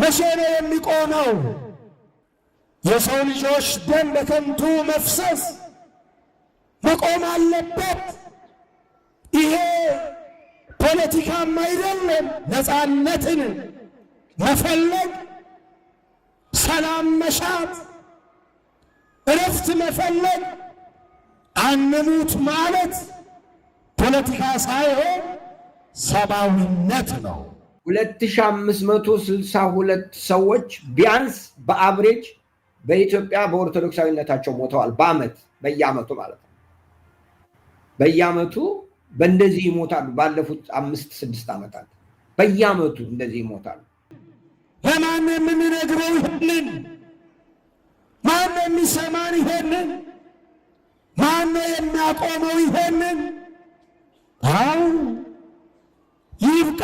መቼ ነው የሚቆመው? የሰው ልጆች ደም በከንቱ መፍሰስ መቆም አለበት። ይሄ ፖለቲካም አይደለም። ነፃነትን መፈለግ፣ ሰላም መሻት፣ እረፍት መፈለግ፣ አንሙት ማለት ፖለቲካ ሳይሆን ሰብአዊነት ነው። 2562 ሰዎች ቢያንስ በአብሬጅ በኢትዮጵያ በኦርቶዶክሳዊነታቸው ሞተዋል። በአመት በየአመቱ ማለት ነው። በየአመቱ በእንደዚህ ይሞታሉ። ባለፉት አምስት ስድስት ዓመታት በየአመቱ እንደዚህ ይሞታሉ። ለማን የምንነግረው ይሄንን? ማን የሚሰማን ይሄንን? ማን የሚያቆመው ይሄንን? አሁን ይብቃ።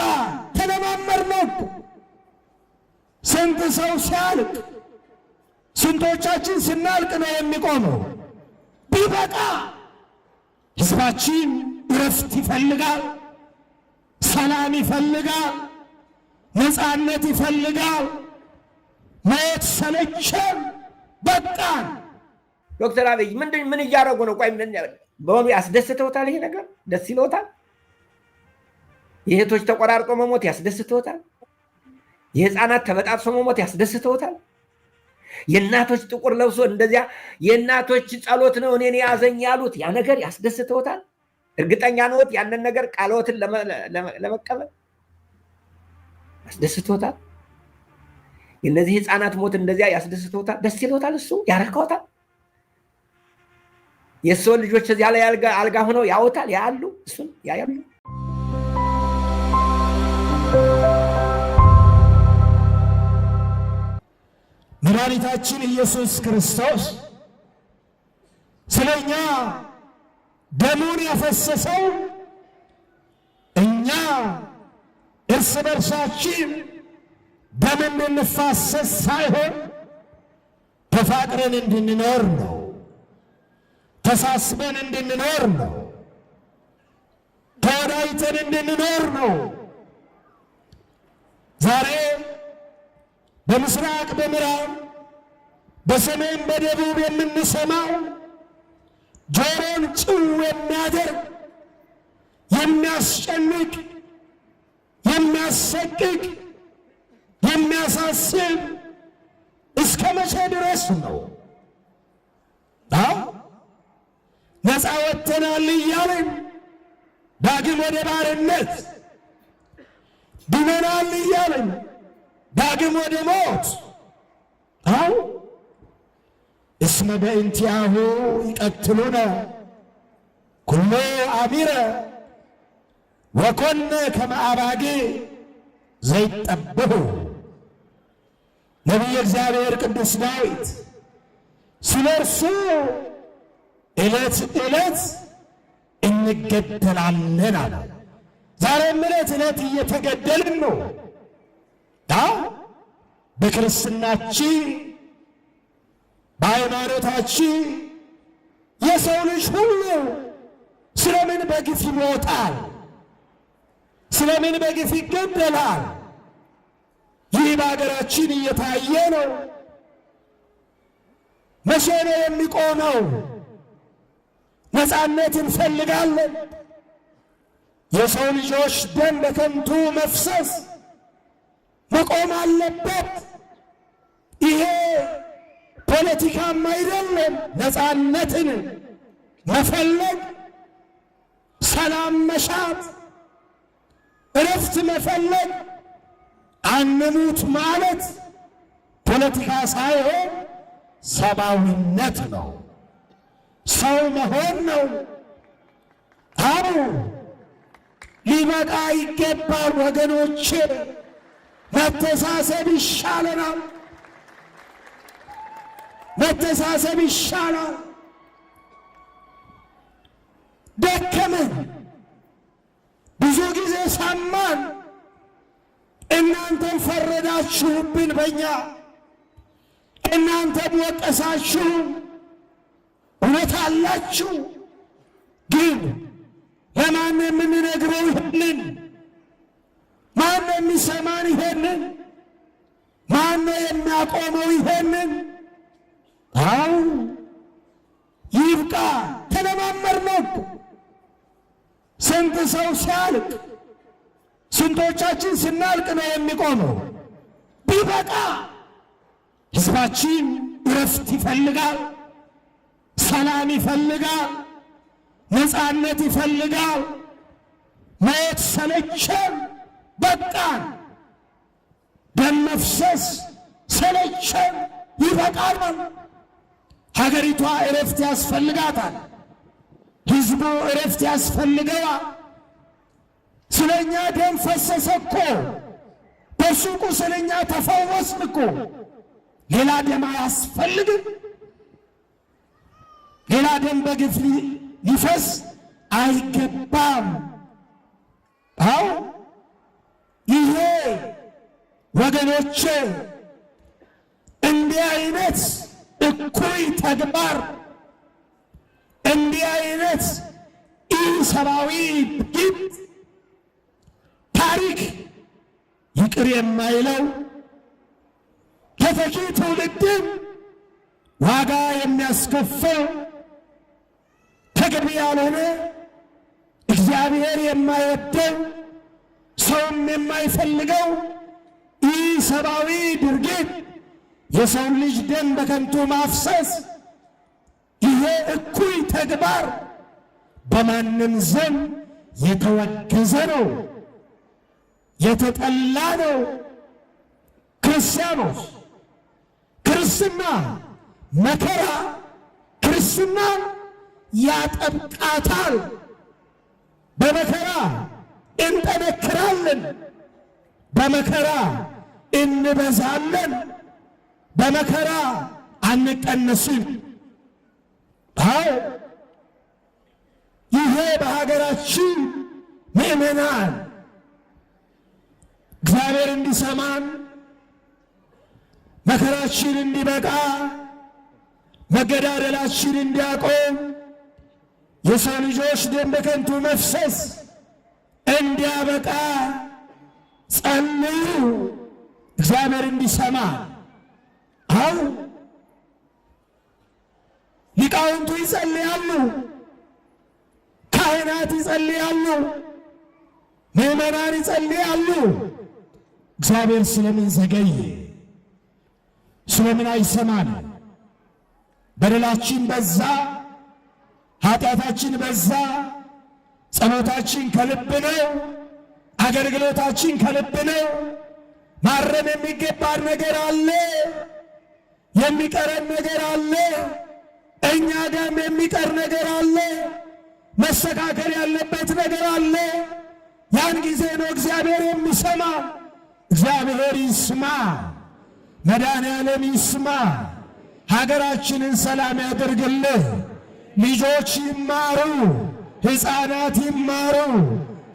የተለማመድ ነው። ስንት ሰው ሲያልቅ ስንቶቻችን ስናልቅ ነው የሚቆመው? ቢበቃ ህዝባችን እረፍት ይፈልጋል፣ ሰላም ይፈልጋል፣ ነፃነት ይፈልጋል። ማየት ሰለቸን፣ በቃ። ዶክተር አብይ ምንድን ምን እያደረጉ ነው? ቆይ በሆኑ አስደስተውታል? ይሄ ነገር ደስ ይለውታል? የእህቶች ተቆራርጦ መሞት ያስደስተውታል? የህፃናት ተበጣጥሶ መሞት ያስደስተውታል? የእናቶች ጥቁር ለብሶ እንደዚያ የእናቶች ጸሎት ነው እኔን ያዘኝ ያሉት ያ ነገር ያስደስተውታል? እርግጠኛ ነዎት? ያንን ነገር ቃልዎትን ለመቀበል ያስደስተውታል? የእነዚህ ህፃናት ሞት እንደዚያ ያስደስተውታል? ደስ ይለውታል? እሱ ያረካውታል? የሰው ልጆች እዚያ ላይ አልጋ ሆነው ያውታል ያሉ እሱን ያያሉ መድኃኒታችን ኢየሱስ ክርስቶስ ስለ እኛ ደሙን ያፈሰሰው እኛ እርስ በርሳችን ደም እንድንፋሰስ ሳይሆን ተፋቅረን እንድንኖር ነው። ተሳስበን እንድንኖር ነው። ተወዳይተን እንድንኖር ነው። ዛሬ በምስራቅ በምዕራብ በሰሜን በደቡብ የምንሰማው ጆሮን ጭው የሚያደርግ የሚያስጨንቅ የሚያሰቅቅ የሚያሳስብ እስከ መቼ ድረስ ነው? ነፃ ወጥተናል እያልን ዳግም ወደ ባርነት ድነናል እያልን ዳግም ወደ ሞት አው እስመ በእንቲአሁ ይቀትሉነ ኩሎ አሚረ ወኮነ ከመ አባጌ ዘይጠበሁ። ነቢየ እግዚአብሔር ቅዱስ ዳዊት ስለ እርሱ ዕለት ዕለት እንገደላለን አለ። ዛሬም ዕለት ዕለት እየተገደልን ነው። አዎ በክርስትናችን በሃይማኖታችን የሰው ልጅ ሁሉ ስለምን በግፍ ይሞታል? ስለምን በግፍ ይገደላል? ይህ በሀገራችን እየታየ ነው። መቼ ነው የሚቆመው? ነፃነት እንፈልጋለን። የሰው ልጆች ደም በከንቱ መፍሰስ መቆም አለበት። ይሄ ፖለቲካም አይደለም። ነፃነትን መፈለግ፣ ሰላም መሻት፣ እረፍት መፈለግ፣ አንሙት ማለት ፖለቲካ ሳይሆን ሰብአዊነት ነው፣ ሰው መሆን ነው። አሩ ሊበቃ ይገባል ወገኖቼ። መተሳሰብ ይሻለናል። መተሳሰብ ይሻላል። ደከመን፣ ብዙ ጊዜ ሰማን። እናንተም ፈረዳችሁብን በእኛ እናንተም ወቀሳችሁ። እውነት አላችሁ። ግን ለማን የምንነግረው ይህንን ማን ነው የሚሰማን ይሄንን? ማን ነው የሚያቆመው ይሄንን? አው ይብቃ። ተለማመር ነው እኮ ስንት ሰው ሲያልቅ፣ ስንቶቻችን ስናልቅ ነው የሚቆመው? ቢበቃ። ህዝባችን እረፍት ይፈልጋል፣ ሰላም ይፈልጋል፣ ነፃነት ይፈልጋል። ማየት ሰለቸን። በቃን፣ ደም መፍሰስ ሰለቸን፣ ይበቃናል። ሀገሪቷ እረፍት ያስፈልጋታል። ህዝቡ እረፍት ያስፈልገዋል። ስለኛ ደም ፈሰሰ እኮ በሱቁ ስለኛ ተፈወስን እኮ ሌላ ደም አያስፈልግም። ሌላ ደም በግፍ ሊፈስ አይገባም። አዎ ይሄ ወገኖቼ እንዲህ አይነት እኩይ ተግባር እንዲህ አይነት ኢሰብአዊ ድርጊት ታሪክ ይቅር የማይለው ተተኪ ትውልድን ዋጋ የሚያስከፍል ተገቢ ያልሆነ እግዚአብሔር የማይወደው ሰውም የማይፈልገው ይህ ሰብአዊ ድርጊት የሰው ልጅ ደም በከንቱ ማፍሰስ፣ ይሄ እኩይ ተግባር በማንም ዘንድ የተወገዘ ነው፣ የተጠላ ነው። ክርስቲያኖች ክርስትና መከራ ክርስትና ያጠብቃታል። በመከራ እንጠነክ እንበዛለን፣ በመከራ እንበዛለን፣ በመከራ አንቀነስም። አዎ ይሄ በሀገራችን ምእመናን እግዚአብሔር እንዲሰማን መከራችን እንዲበቃ መገዳደላችን እንዲያቆም የሰው ልጆች ደም በከንቱ መፍሰስ እንዲያበቃ ጸልዩ፣ እግዚአብሔር እንዲሰማ አው ሊቃውንቱ ይጸልያሉ፣ ካህናት ይጸልያሉ፣ ምዕመናን ይጸልያሉ። እግዚአብሔር ስለምን ዘገይ ስለምን አይሰማን? በደላችን በዛ፣ ኃጢአታችን በዛ ጸሎታችን ከልብ ነው። አገልግሎታችን ከልብ ነው። ማረም የሚገባን ነገር አለ። የሚቀረን ነገር አለ። እኛ ጋም የሚቀር ነገር አለ። መስተካከል ያለበት ነገር አለ። ያን ጊዜ ነው እግዚአብሔር የሚሰማ። እግዚአብሔር ይስማ፣ መዳን ዓለም ይስማ፣ ሀገራችንን ሰላም ያድርግልህ፣ ልጆች ይማሩ ሕፃናት ይማሩ፣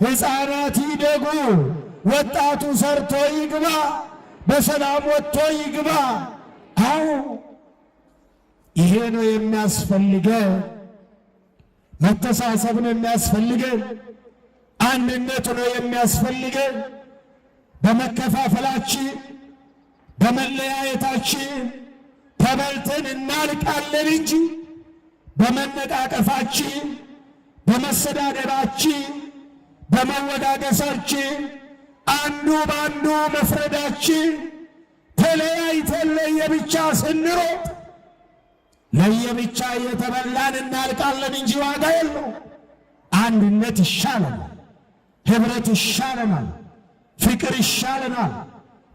ሕፃናት ይደጉ፣ ወጣቱ ሰርቶ ይግባ፣ በሰላም ወጥቶ ይግባ። አው ይሄ ነው የሚያስፈልገ መተሳሰብ ነው የሚያስፈልገን። አንድነት ነው የሚያስፈልገ በመከፋፈላችን በመለያየታችን ተበልተን እናልቃለን እንጂ በመነቃቀፋችን በመሰዳደባችን በመወዳደሳችን አንዱ በአንዱ መፍረዳችን ተለያይተን ለየብቻ ስንሮጥ ለየብቻ እየተበላን እናልቃለን እንጂ ዋጋ የለው። አንድነት ይሻለናል፣ ህብረት ይሻለናል፣ ፍቅር ይሻለናል፣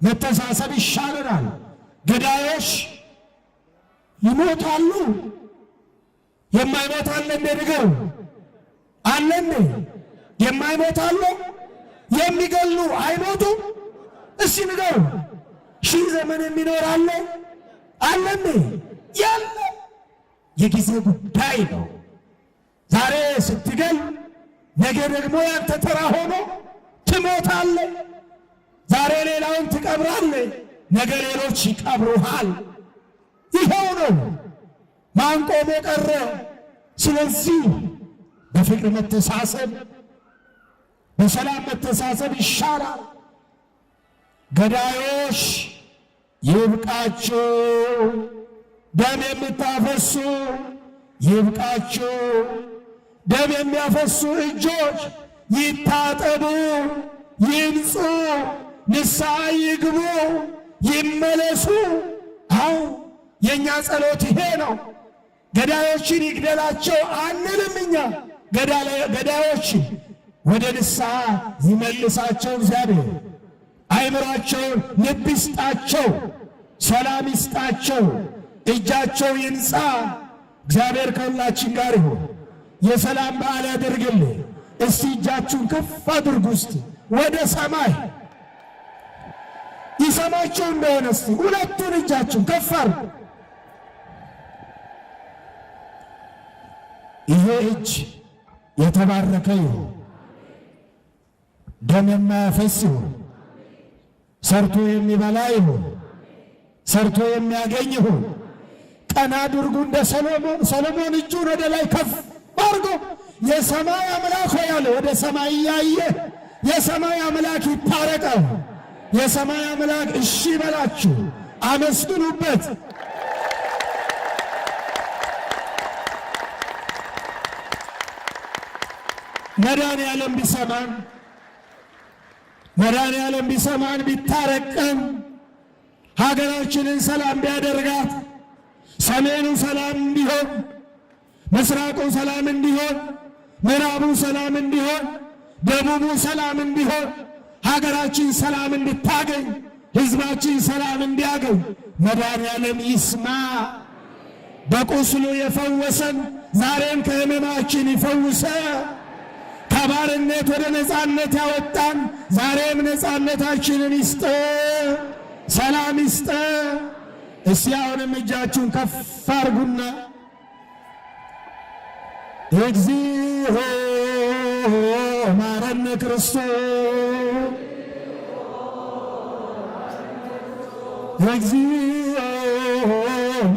መተሳሰብ ይሻለናል። ግዳዮች ይሞታሉ፣ የማይሞት እንደ እንዴ? አለን የማይሞት አለ የሚገሉ አይሞቱ እሺ ንገሩ ሺህ ዘመን የሚኖር አለ አለን ያለ የጊዜ ጉዳይ ነው ዛሬ ስትገል ነገ ደግሞ ያንተ ተራ ሆኖ ትሞታለ ዛሬ ሌላውን ትቀብራለ ነገ ሌሎች ይቀብሩሃል ይኸው ነው ማን ቆሞ ቀረ ስለዚህ በፍቅር መተሳሰብ፣ በሰላም መተሳሰብ ይሻላል። ገዳዮች ይብቃችሁ፣ ደም የምታፈሱ ይብቃችሁ። ደም የሚያፈሱ እጆች ይታጠቡ፣ ይንጹ፣ ንስሐ ይግቡ፣ ይመለሱ። አው የእኛ ጸሎት ይሄ ነው። ገዳዮችን ይግደላቸው አንልም እኛ ገዳዮች ወደ ንስሐ ይመልሳቸው እግዚአብሔር። አይምሯቸውን ልብ ይስጣቸው፣ ሰላም ይስጣቸው፣ እጃቸው ይንጻ። እግዚአብሔር ከሁላችን ጋር ይሁን። የሰላም በዓል ያደርግል እስቲ እጃችሁን ከፍ አድርጉ ውስጥ ወደ ሰማይ ይሰማቸው እንደሆነ እስቲ ሁለቱን እጃችሁን ከፍ አድርጉ። ይሄ እጅ የተባረከ ይሁን፣ ደም የማያፈስ ይሁን፣ ሰርቶ የሚበላ ይሁን፣ ሰርቶ የሚያገኝ ይሁን። ቀና አድርጉ እንደ ሰሎሞን እጁን ወደ ላይ ከፍ አድርጎ የሰማይ አምላክ ሆይ አለ። ወደ ሰማይ እያየ የሰማይ አምላክ ይታረቀው። የሰማይ አምላክ እሺ በላችሁ፣ አመስግኑበት። ያለም ቢሰማን ያለም ቢሰማን ቢታረቀን ሀገራችንን ሰላም ቢያደርጋት ሰሜኑ ሰላም እንዲሆን፣ ምስራቁ ሰላም እንዲሆን፣ ምዕራቡ ሰላም እንዲሆን፣ ደቡቡ ሰላም እንዲሆን፣ ሀገራችን ሰላም እንድታገኝ፣ ህዝባችን ሰላም እንዲያገኝ ያለም ይስማ። በቁስሉ የፈወሰን ዛሬም ከህመማችን ይፈውሰ ከባርነት ወደ ነፃነት ያወጣን ዛሬም ነፃነታችንን ይስጠ፣ ሰላም ይስጠ። እስቲ አሁንም እጃችሁን ከፍ አርጉና እግዚኦ ማረነ ክርስቶስ እግዚኦ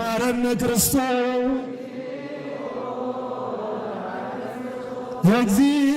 ማረነ ክርስቶስ እግዚኦ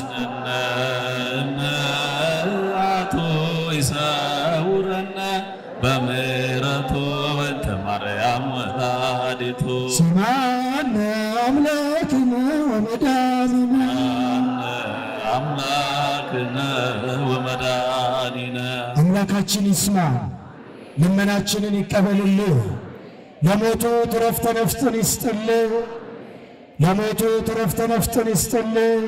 ማርያም ወላዲቱ ስብሐነ አምላክነ ወመድኃኒነ አምላክነ ወመድኃኒነ አምላካችን ይስማ፣ ልመናችንን ይቀበልልህ። ለሞቱት ረፍተ ነፍስን ይስጥልህ። ለሞቱት ረፍተ ነፍስን ይስጥልህ።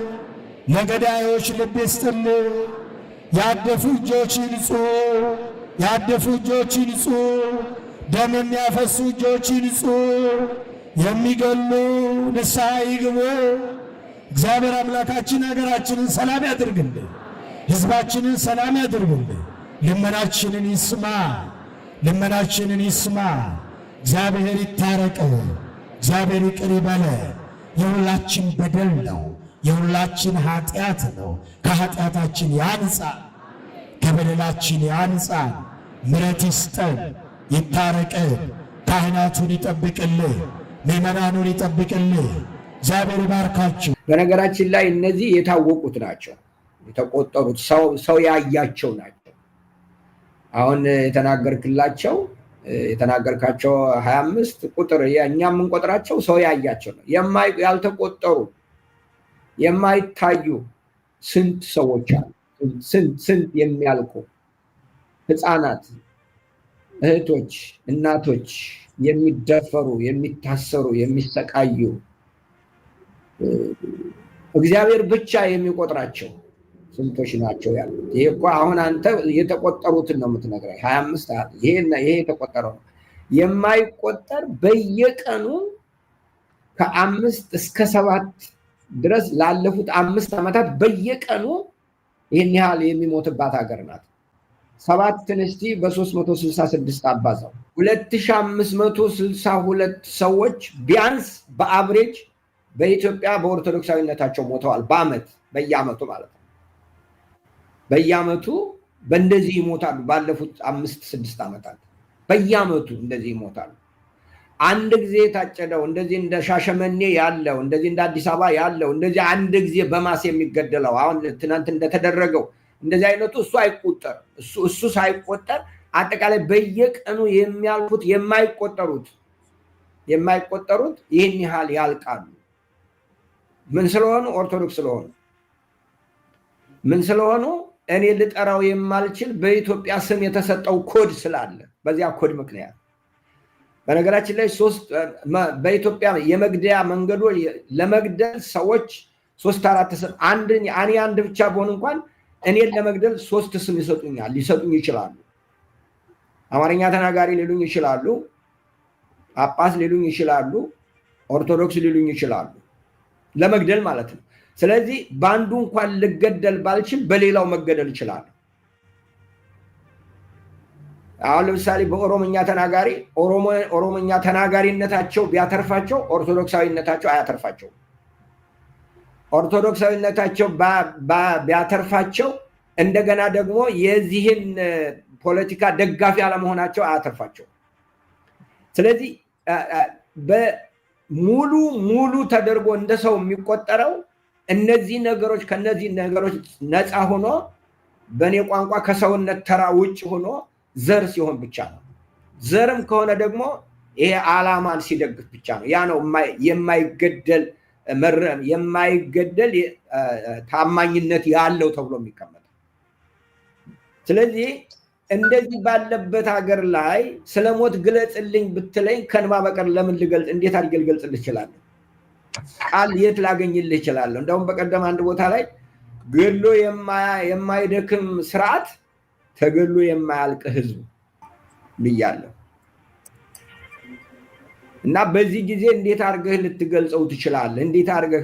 ለገዳዮች ልብ ይስጥልህ። ያደፉ እጆች ይንጹ፣ ያደፉ እጆች ይንጹ። ደም የሚያፈሱ እጆች ይንጹ፣ የሚገሉ ንስሐ ይግቡ። እግዚአብሔር አምላካችን ሀገራችንን ሰላም ያድርግልን፣ ህዝባችንን ሰላም ያድርግልን። ልመናችንን ይስማ፣ ልመናችንን ይስማ። እግዚአብሔር ይታረቅ፣ እግዚአብሔር ይቅር ይበለ። የሁላችን በደል ነው፣ የሁላችን ኃጢአት ነው። ከኃጢአታችን ያንጻ፣ ከበደላችን ያንጻ፣ ምረት ይስጠን። ይታረቅ። ካህናቱን ይጠብቅልህ፣ ምዕመናኑን ይጠብቅልህ። እግዚአብሔር ይባርካችሁ። በነገራችን ላይ እነዚህ የታወቁት ናቸው፣ የተቆጠሩት ሰው ያያቸው ናቸው። አሁን የተናገርክላቸው የተናገርካቸው ሀያ አምስት ቁጥር እኛ የምንቆጥራቸው ሰው ያያቸው ነው። ያልተቆጠሩ የማይታዩ ስንት ሰዎች አሉ። ስንት ስንት የሚያልቁ ህፃናት እህቶች፣ እናቶች የሚደፈሩ፣ የሚታሰሩ፣ የሚሰቃዩ እግዚአብሔር ብቻ የሚቆጥራቸው ስንቶች ናቸው ያሉት? ይሄ እኮ አሁን አንተ የተቆጠሩትን ነው የምትነግረኝ። ሀያ አምስት ይሄ የተቆጠረው ነው የማይቆጠር በየቀኑ ከአምስት እስከ ሰባት ድረስ ላለፉት አምስት ዓመታት በየቀኑ ይህን ያህል የሚሞትባት ሀገር ናት። ሰባት እስቲ በ366 አባዛው 2562 ሰዎች ቢያንስ በአብሬጅ በኢትዮጵያ በኦርቶዶክሳዊነታቸው ሞተዋል። በአመት በየአመቱ ማለት ነው። በየአመቱ በእንደዚህ ይሞታሉ። ባለፉት አምስት ስድስት ዓመታት በየአመቱ እንደዚህ ይሞታሉ። አንድ ጊዜ የታጨደው እንደዚህ እንደ ሻሸመኔ ያለው እንደዚህ እንደ አዲስ አበባ ያለው እንደዚህ አንድ ጊዜ በማስ የሚገደለው አሁን ትናንት እንደተደረገው እንደዚህ አይነቱ እሱ አይቆጠር እሱ ሳይቆጠር አጠቃላይ በየቀኑ የሚያልፉት የማይቆጠሩት የማይቆጠሩት ይህን ያህል ያልቃሉ። ምን ስለሆኑ? ኦርቶዶክስ ስለሆኑ። ምን ስለሆኑ? እኔ ልጠራው የማልችል በኢትዮጵያ ስም የተሰጠው ኮድ ስላለ በዚያ ኮድ ምክንያት በነገራችን ላይ በኢትዮጵያ የመግደያ መንገዶ ለመግደል ሰዎች ሶስት አራት አንድ አንድ ብቻ በሆን እንኳን እኔን ለመግደል ሶስት ስም ይሰጡኛል፣ ሊሰጡኝ ይችላሉ። አማርኛ ተናጋሪ ሊሉኝ ይችላሉ፣ ጳጳስ ሊሉኝ ይችላሉ፣ ኦርቶዶክስ ሊሉኝ ይችላሉ። ለመግደል ማለት ነው። ስለዚህ በአንዱ እንኳን ልገደል ባልችል በሌላው መገደል ይችላል። አሁን ለምሳሌ በኦሮምኛ ተናጋሪ ኦሮምኛ ተናጋሪነታቸው ቢያተርፋቸው ኦርቶዶክሳዊነታቸው አያተርፋቸውም። ኦርቶዶክሳዊነታቸው ቢያተርፋቸው እንደገና ደግሞ የዚህን ፖለቲካ ደጋፊ አለመሆናቸው አያተርፋቸው። ስለዚህ በሙሉ ሙሉ ተደርጎ እንደ ሰው የሚቆጠረው እነዚህ ነገሮች ከነዚህ ነገሮች ነፃ ሆኖ በእኔ ቋንቋ ከሰውነት ተራ ውጭ ሆኖ ዘር ሲሆን ብቻ ነው። ዘርም ከሆነ ደግሞ ይሄ አላማን ሲደግፍ ብቻ ነው። ያ ነው የማይገደል የማይገደል ታማኝነት ያለው ተብሎ የሚቀመጠው። ስለዚህ እንደዚህ ባለበት ሀገር ላይ ስለ ሞት ግለጽልኝ ብትለኝ ከእንባ በቀር ለምን ልገልጽ፣ እንዴት አድርጌ ልገልጽልህ እችላለሁ? ቃል የት ላገኝልህ እችላለሁ? እንደውም በቀደም አንድ ቦታ ላይ ገሎ የማይደክም ስርዓት ተገሎ የማያልቅ ህዝብ ብያለሁ። እና በዚህ ጊዜ እንዴት አድርገህ ልትገልጸው ትችላለህ? እንዴት አድርገህ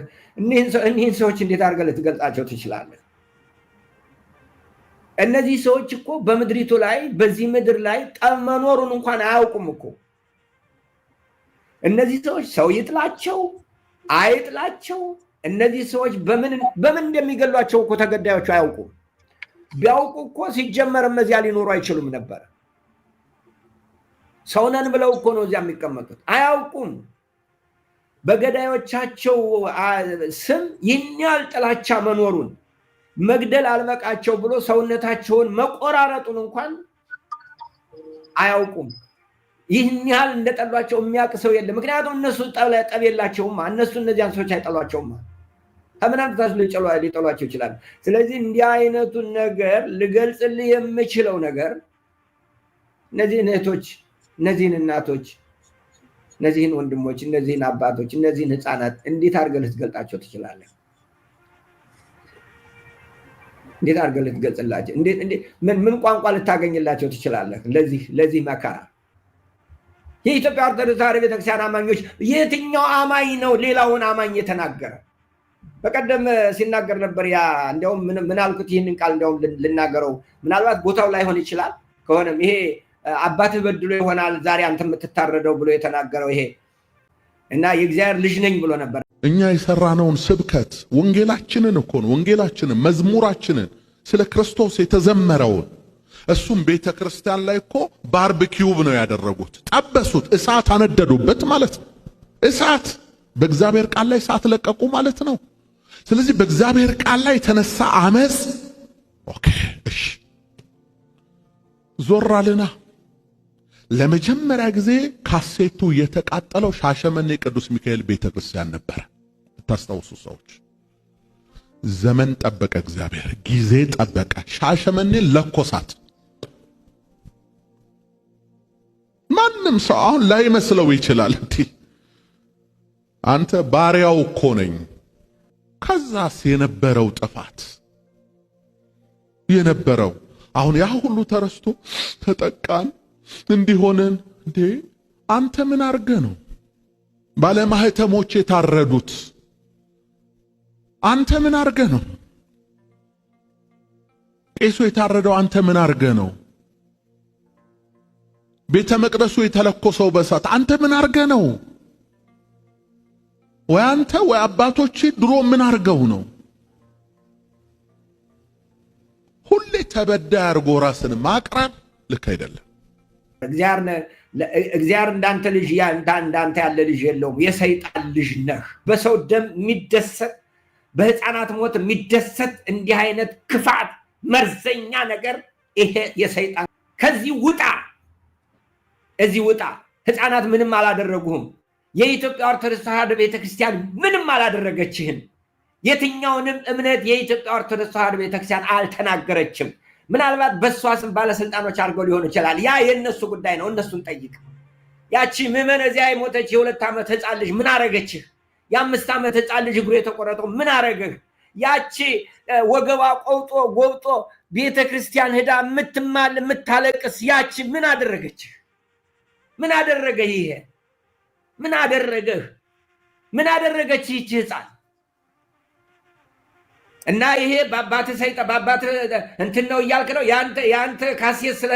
እኒህን ሰዎች እንዴት አድርገህ ልትገልጻቸው ትችላለህ? እነዚህ ሰዎች እኮ በምድሪቱ ላይ በዚህ ምድር ላይ ጠብ መኖሩን እንኳን አያውቁም እኮ። እነዚህ ሰዎች ሰው ይጥላቸው አይጥላቸው፣ እነዚህ ሰዎች በምን እንደሚገሏቸው እኮ ተገዳዮቹ አያውቁም። ቢያውቁ እኮ ሲጀመር እነዚያ ሊኖሩ አይችሉም ነበር። ሰውነን ብለው እኮ ነው እዚያ የሚቀመጡት። አያውቁም። በገዳዮቻቸው ስም ይህን ያህል ጥላቻ መኖሩን መግደል አልበቃቸው ብሎ ሰውነታቸውን መቆራረጡን እንኳን አያውቁም። ይህን ያህል እንደጠሏቸው የሚያውቅ ሰው የለም። ምክንያቱም እነሱ ጠብ የላቸውማ። እነሱ እነዚያን ሰዎች አይጠሏቸውማ። ከምናምታስ ሊጠሏቸው ይችላል። ስለዚህ እንዲህ አይነቱን ነገር ልገልጽልህ የምችለው ነገር እነዚህ እህቶች እነዚህን እናቶች፣ እነዚህን ወንድሞች፣ እነዚህን አባቶች፣ እነዚህን ህፃናት እንዴት አድርገህ ልትገልጣቸው ትችላለህ? እንዴት አድርገህ ልትገልጽላቸው ምን ቋንቋ ልታገኝላቸው ትችላለህ? ለዚህ ለዚህ መከራ የኢትዮጵያ ኦርቶዶክስ ተዋሕዶ ቤተክርስቲያን አማኞች የትኛው አማኝ ነው ሌላውን አማኝ የተናገረ? በቀደም ሲናገር ነበር። ያ እንዲያውም ምን አልኩት? ይህንን ቃል እንዲያውም ልናገረው ምናልባት ቦታው ላይሆን ይችላል ከሆነም ይሄ አባትህ በድሎ ይሆናል ዛሬ አንተ የምትታረደው ብሎ የተናገረው ይሄ እና የእግዚአብሔር ልጅ ነኝ ብሎ ነበር። እኛ የሰራነውን ስብከት ወንጌላችንን እኮ ነው ወንጌላችንን መዝሙራችንን ስለ ክርስቶስ የተዘመረውን እሱም ቤተ ክርስቲያን ላይ እኮ ባርብኪውብ ነው ያደረጉት። ጠበሱት፣ እሳት አነደዱበት ማለት ነው። እሳት በእግዚአብሔር ቃል ላይ እሳት ለቀቁ ማለት ነው። ስለዚህ በእግዚአብሔር ቃል ላይ የተነሳ አመፅ ኦኬ፣ እሺ ዞር አልና ለመጀመሪያ ጊዜ ካሴቱ የተቃጠለው ሻሸመኔ ቅዱስ ሚካኤል ቤተ ክርስቲያን ነበረ። ታስታውሱ ሰዎች፣ ዘመን ጠበቀ፣ እግዚአብሔር ጊዜ ጠበቀ። ሻሸመኔ ለኮሳት። ማንም ሰው አሁን ላይመስለው ይችላል። አንተ ባሪያው እኮ ነኝ። ከዛስ የነበረው ጥፋት የነበረው አሁን ያ ሁሉ ተረስቶ ተጠቃን እንዲሆነን እንዴ አንተ ምን አርገ ነው ባለማህተሞች የታረዱት? አንተ ምን አርገ ነው ቄሱ የታረደው? አንተ ምን አርገ ነው ቤተ መቅደሱ የተለኮሰው በሳት? አንተ ምን አርገ ነው? ወይ አንተ ወይ አባቶች ድሮ ምን አርገው ነው? ሁሌ ተበዳ አድርጎ ራስን ማቅረብ ልክ አይደለም። እግዚአብሔር እንዳንተ ልጅ እንዳንተ ያለ ልጅ የለውም። የሰይጣን ልጅ ነህ። በሰው ደም የሚደሰት በህፃናት ሞት የሚደሰት እንዲህ አይነት ክፋት፣ መርዘኛ ነገር ይሄ የሰይጣን ከዚህ ውጣ፣ እዚህ ውጣ። ህፃናት ምንም አላደረጉህም። የኢትዮጵያ ኦርቶዶክስ ተዋህዶ ቤተክርስቲያን ምንም አላደረገችህም። የትኛውንም እምነት የኢትዮጵያ ኦርቶዶክስ ተዋህዶ ቤተክርስቲያን አልተናገረችም። ምናልባት በእሷ ስም ባለስልጣኖች አድርገው ሊሆን ይችላል። ያ የእነሱ ጉዳይ ነው። እነሱን ጠይቅ። ያቺ ምዕመን እዚያ የሞተች የሁለት ዓመት ህፃን ልጅ ምን አረገችህ? የአምስት ዓመት ህፃን ልጅ እግሩ የተቆረጠው ምን አረገህ? ያቺ ወገቧ ቆውጦ ጎብጦ ቤተ ክርስቲያን ህዳ የምትማል የምታለቅስ ያቺ ምን አደረገችህ? ምን አደረገህ? ይሄ ምን አደረገህ? ምን አደረገች ይቺ ህፃን እና ይሄ በአባት ሰይጣ በአባት እንትን ነው እያልክ ነው። የአንተ ካሴት ስለ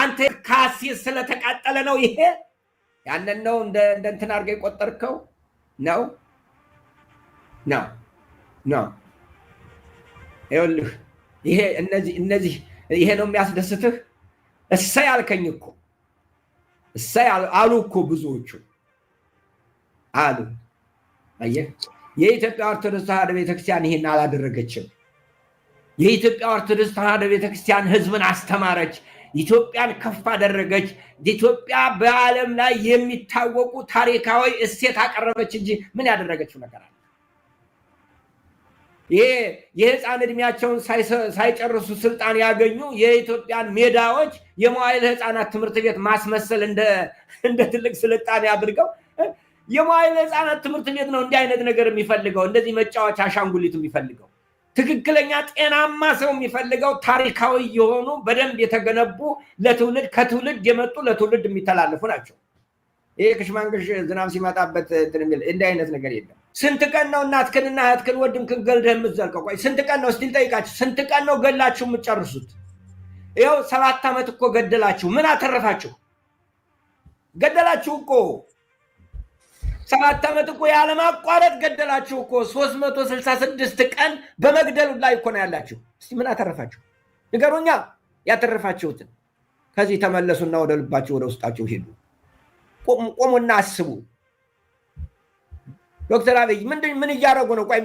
አንተ ካሴት ስለተቃጠለ ነው ይሄ ያንን ነው እንደ እንትን አድርገህ የቆጠርከው ነው ነው ነው። ይኸውልህ ይሄ እነዚህ እነዚህ ይሄ ነው የሚያስደስትህ። እሰይ አልከኝ እኮ እሰይ አሉ እኮ ብዙዎቹ አሉ አየህ የኢትዮጵያ ኦርቶዶክስ ተዋህዶ ቤተክርስቲያን ይህን አላደረገችም። የኢትዮጵያ ኦርቶዶክስ ተዋህዶ ቤተክርስቲያን ህዝብን አስተማረች፣ ኢትዮጵያን ከፍ አደረገች። ኢትዮጵያ በዓለም ላይ የሚታወቁ ታሪካዊ እሴት አቀረበች እንጂ ምን ያደረገችው ነገር አለ? ይሄ የህፃን እድሜያቸውን ሳይጨርሱ ስልጣን ያገኙ የኢትዮጵያን ሜዳዎች የመዋዕለ ህፃናት ትምህርት ቤት ማስመሰል እንደ ትልቅ ስልጣኔ አድርገው የመዋዕለ ህፃናት ትምህርት ቤት ነው እንዲህ አይነት ነገር የሚፈልገው፣ እንደዚህ መጫወቻ አሻንጉሊት የሚፈልገው። ትክክለኛ ጤናማ ሰው የሚፈልገው ታሪካዊ የሆኑ በደንብ የተገነቡ ለትውልድ ከትውልድ የመጡ ለትውልድ የሚተላለፉ ናቸው። ይሄ ክሽማንክሽ ዝናብ ሲመጣበት ትንሚል እንዲህ አይነት ነገር የለም። ስንት ቀን ነው እናትክንና እህትክን ወንድምህን ገልደህ የምትዘልቀው? ቆይ ስንት ቀን ነው ስቲል ጠይቃችሁ፣ ስንት ቀን ነው ገላችሁ የምትጨርሱት? ይኸው ሰባት ዓመት እኮ ገደላችሁ፣ ምን አተረፋችሁ? ገደላችሁ እኮ ሰባት ዓመት እኮ ያለማቋረጥ ገደላችሁ እኮ ሶስት መቶ ስልሳ ስድስት ቀን በመግደሉ ላይ እኮ ነው ያላችሁ። እስቲ ምን አተረፋችሁ ንገሩኛ፣ ያተረፋችሁትን። ከዚህ ተመለሱና ወደ ልባችሁ ወደ ውስጣችሁ ሄዱ። ቆሙና አስቡ። ዶክተር አብይ ምን እያደረጉ ነው? ቆይ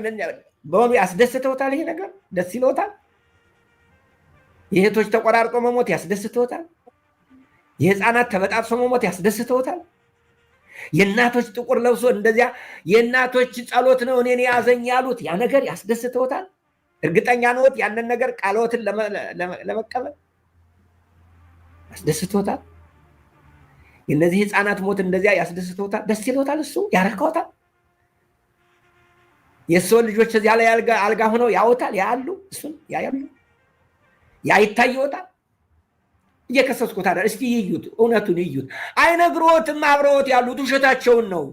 በሆኑ ያስደስተውታል? ይሄ ነገር ደስ ይለውታል? የእህቶች ተቆራርጦ መሞት ያስደስተውታል? የህፃናት ተበጣጥሶ መሞት ያስደስተውታል? የእናቶች ጥቁር ለብሶ እንደዚያ የእናቶች ጸሎት ነው እኔን የያዘኝ ያሉት ያ ነገር ያስደስተውታል? እርግጠኛ ነዎት? ያንን ነገር ቃልዎትን ለመቀበል ያስደስተውታል? የእነዚህ ህፃናት ሞት እንደዚያ ያስደስተውታል? ደስ ይለውታል? እሱ ያረካውታል? የሰውን ልጆች እዚያ ላይ አልጋ ሆነው ያወታል ያሉ እሱን ያያሉ ያ ይታየዎታል እየከሰስኩት አለ። እስኪ ይዩት፣ እውነቱን ይዩት። አይነግሮትም፣ አብረዎት ያሉት ውሸታቸውን ነው።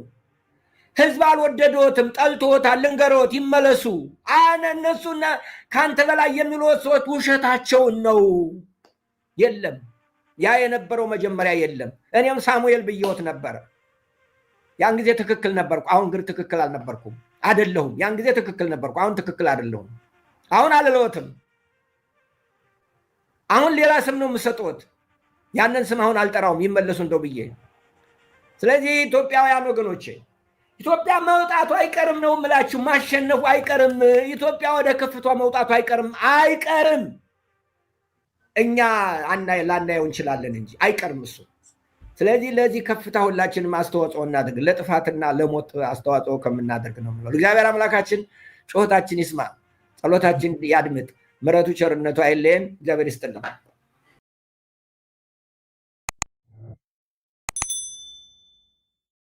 ህዝብ አልወደዶትም፣ ጠልቶታል። ልንገሮት፣ ይመለሱ። አነ እነሱና ከአንተ በላይ የሚሉት ሰዎች ውሸታቸውን ነው። የለም ያ የነበረው መጀመሪያ የለም። እኔም ሳሙኤል ብየወት ነበረ። ያን ጊዜ ትክክል ነበርኩ፣ አሁን ግን ትክክል አልነበርኩም፣ አደለሁም። ያን ጊዜ ትክክል ነበርኩ፣ አሁን ትክክል አደለሁም። አሁን አልለወትም። አሁን ሌላ ስም ነው የምሰጡት። ያንን ስም አሁን አልጠራውም ይመለሱ እንደው ብዬ። ስለዚህ ኢትዮጵያውያን ወገኖቼ ኢትዮጵያ መውጣቱ አይቀርም ነው የምላችሁ። ማሸነፉ አይቀርም። ኢትዮጵያ ወደ ከፍቷ መውጣቱ አይቀርም አይቀርም። እኛ ላናየው እንችላለን እንጂ አይቀርም እሱ። ስለዚህ ለዚህ ከፍታ ሁላችንም አስተዋጽኦ እናድርግ። ለጥፋትና ለሞት አስተዋጽኦ ከምናደርግ ነው የምለው። እግዚአብሔር አምላካችን ጩኸታችን ይስማ፣ ጸሎታችን ያድምጥ። ምሕረቱ ቸርነቱ አይለየን። እግዚአብሔር ይስጥልን።